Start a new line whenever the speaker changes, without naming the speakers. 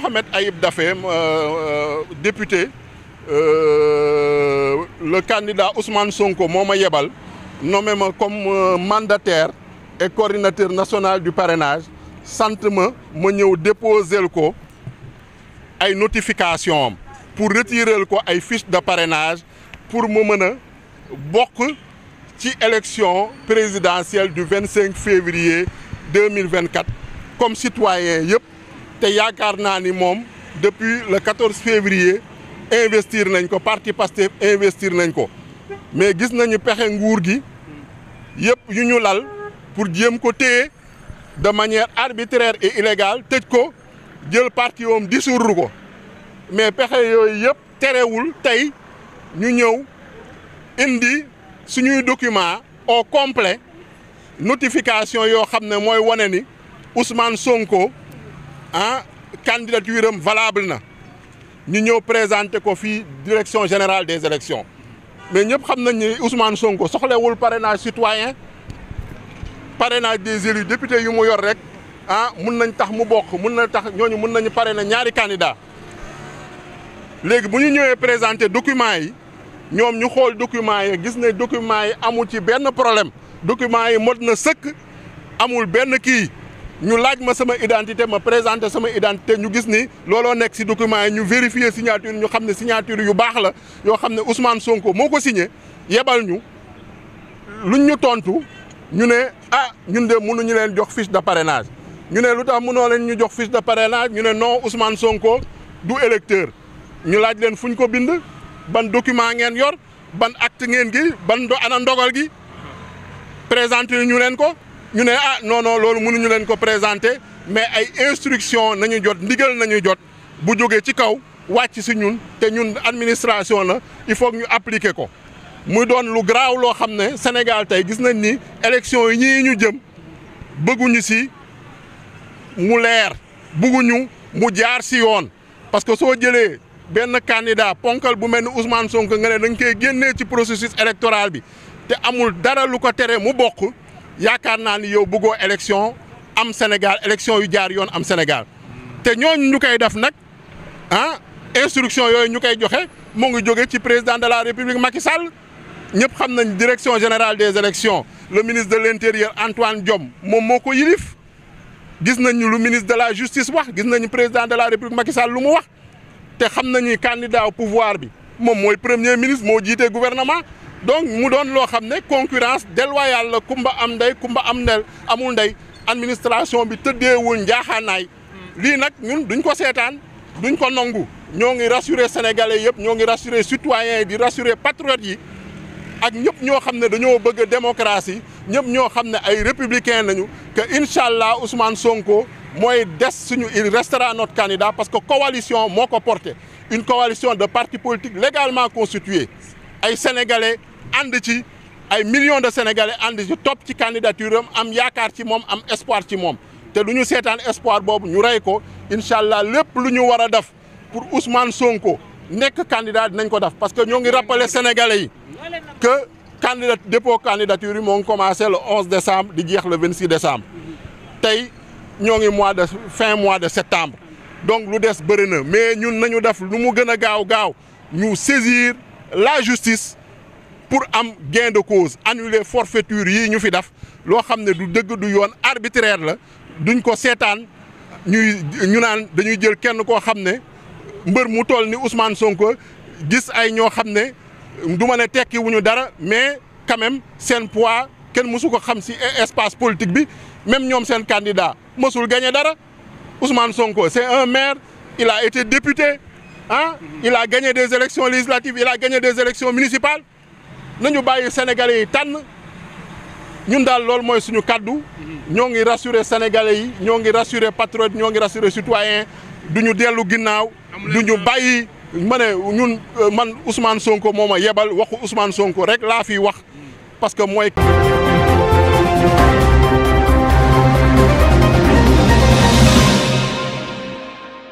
Mohamed Ayib Daffé euh, euh, député euh, le candidat Ousmane Sonko moo ma yebal nommé ma comme mandataire et coordinateur national du parrainage sant ma ma ñëw déposel ko ay notification am pour retirer ko ay fiche de parenage pour mu mën a bokk ci élection présidentielle du 25 février 2024 comme citoyen yëpp te yaakaar naa ni moom depuis le 14 février investir nañ ko parti Pastef investir nañ ko mais gis nañu pexe nguur gi yëpp yu ñu lal pour jéem ko téye de manière arbitraire et illégale tëj ko jël parti woom dissoudre ko mais pexe yooyu yëpp terewul tey ñu ñëw indi suñuy document au complet notification yoo xam ne mooy wane ni Ousmane Sonko ah candidature am valable na ñu ñëw présenter ko fii direction générale des élections mais ñëpp xam nañ ni Ousmane Sonko soxlewul parrainage citoyen naa des élus députés yu mu yor rek ah mun nañ tax mu bokk mun na tax ñooñu mun nañu na ñaari candidat léegi bu ñu ñëwee présenter document yi ñoom ñu xool document yi gis ne document yi amul ci benn problème document yi mot na sëkk amul benn kii ñu laaj ma sama identité ma présenté sama identité ñu gis ni looloo nekk ci document yi ñu vérifier signature ñu xam ne signature yu baax la yoo xam ne Ousmane Sonko moo ko signé yebal ñu luñ ñu tontu ñu ne ah ñun de mënuñu leen jox fiche de parrainage ñu ne lu tax mënoo leen ñu jox fiche de parrainage ñu ne noo Ousmane Sonko du électeur ñu laaj leen fuñ ko bind ban document ngeen yor ban acte ngeen gi ban do ana ndogal gi présenté ñu leen ko. ñu ne ah non non loolu mënuñu leen ko présenter mais ay instruction nañu jot ndigal nañu jot bu jógee ci kaw wàcc si ñun te ñun administration la il faut ñu appliquer ko muy doon lu garaaw loo xam ne Sénégal tey gis nañ ni élection yi ñii ñu jëm bëgguñu si mu leer bëgguñu mu jaar si yoon parce que soo jëlee benn candidat ponkal bu mel ni Ousmane Sonko nga ne da génnee ci processus électoral bi te amul dara lu ko tere mu bokk yaakaar naa ni yow bëggoo élection am Sénégal élection yu jaar yoon am Sénégal te ñoo ñu koy def nag ah instruction yooyu ñu koy joxe moo ngi jóge ci président de la République Macky Sall ñëpp xam nañ direction générale des élections le ministre de l'intérieur Antoine Diome moom moo ko yilif gis nañu lu ministre de la justice wax gis nañu président de la République Macky Sall lu mu wax te xam nañu candidat au pouvoir bi moom mooy premier ministre moo jiite gouvernement donc mu doon loo xam ne concurrence déloyale la kumba am ndey kumba am ndel amul ndey administration bi tëddeewul njaaxaanaay lii nag ñun duñ ko seetaan duñ ko nangu ñoo ngi rassurer sénégalais yëpp ñoo ngi rassurer citoyens yi di rassurer patriotes yi ak ñëpp ñoo xam ne dañoo bëgg démocratie ñëpp ñoo xam ne ay républicain nañu que incha allah Ousmane Sonko mooy des suñu il restera notre candidat parce que coalition moo ko porté une coalition de partis politiques légalement ay sénégalais. ànd ci ay millions de sénégalais ànd ci top ci candidature am am yaakaar ci moom am espoir ci moom te du ñu seetaan espoir boobu ñu rey ko incha allah lépp lu ñu war a def pour Ousmane Sonko nekk candidat nañ ko def parce que ñoo ngi rappeler sénégalais yi que candidat dépôt yi moo ngi commencé le 11 décembre di jeex le 26 décembre tey ñoo ngi mois de fin mois de septembre donc lu des bëri na mais ñun nañu def lu mu gën a gaaw gaaw ñu saisir la justice pour am gain de cause annuler forfaiture yii ñu fi def loo xam ne du dëgg du yoon arbitraire la duñ ko seetaan ñu ñu naan dañuy jël kenn koo xam ne mbër mu toll ni Ousmane Sonko gis ay ñoo xam ne du ma ne tekki dara mais quand seen poids kenn mësu ko xam ci espace politique bi même ñoom seen candidat mësul gagné dara Ousmane Sonko c'est un maire il a été député ah il a gagné des élections législatives il a gagné des élections municipales na ñu bàyyi sénégalais yi tànn ñun daal loolu mooy suñu kàddu ñoo ngi rassurer sénégalais yi ñoo ngi rassurer patriotes ñoo ngi rassurer citoyens du ñu dellu ginnaaw du ñu bàyyi ma ne ñun euh, man Ousmane Sonko moo ma yebal waxu Ousmane Sonko rek laa fiy wax parce que mooy